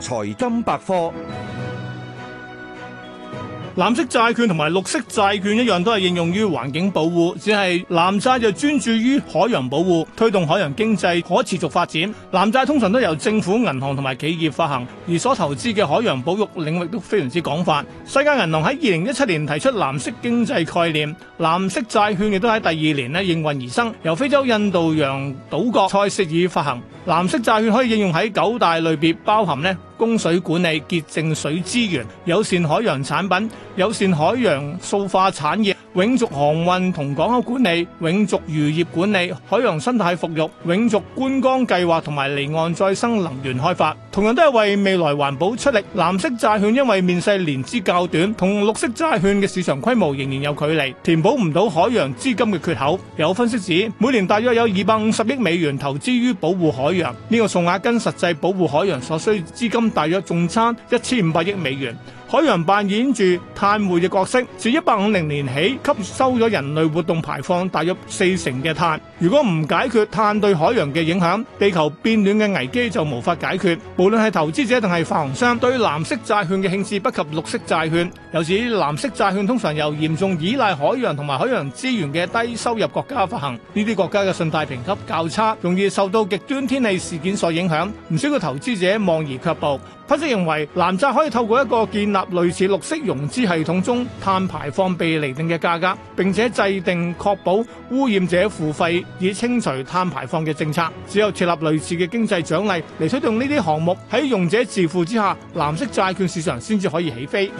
財金百科。藍色債券同埋綠色債券一樣，都係應用於環境保護，只係藍債就專注於海洋保護，推動海洋經濟可持續發展。藍債通常都由政府、銀行同埋企業發行，而所投資嘅海洋保育領域都非常之廣泛。世界銀行喺二零一七年提出藍色經濟概念，藍色債券亦都喺第二年咧應運而生，由非洲印度洋島國塞舌爾發行。藍色債券可以應用喺九大類別，包含咧供水管理、潔淨水資源、友善海洋產品。有線海洋塑化產業、永續航運同港口管理、永續漁業管理、海洋生態復育、永續觀光計劃同埋離岸再生能源開發，同樣都係為未來環保出力。藍色債券因為面世年資較短，同綠色債券嘅市場規模仍然有距離，填補唔到海洋資金嘅缺口。有分析指，每年大約有二百五十億美元投資於保護海洋，呢、這個數額跟實際保護海洋所需資金大約仲差一千五百億美元。海洋扮演住碳匯嘅角色，自一八五零年起，吸收咗人類活動排放大約四成嘅碳。如果唔解決碳對海洋嘅影響，地球變暖嘅危機就無法解決。無論係投資者定係發行商，對藍色債券嘅興致不及綠色債券。由於藍色債券通常由嚴重依賴海洋同埋海洋資源嘅低收入國家發行，呢啲國家嘅信貸評級較差，容易受到極端天氣事件所影響，唔少嘅投資者望而卻步。分析認為，藍債可以透過一個建立類似綠色融資系統中碳排放被釐定嘅價格，並且制定確保污染者付費以清除碳排放嘅政策。只有設立類似嘅經濟獎勵，嚟推動呢啲項目喺用者自付之下，藍色債券市場先至可以起飛。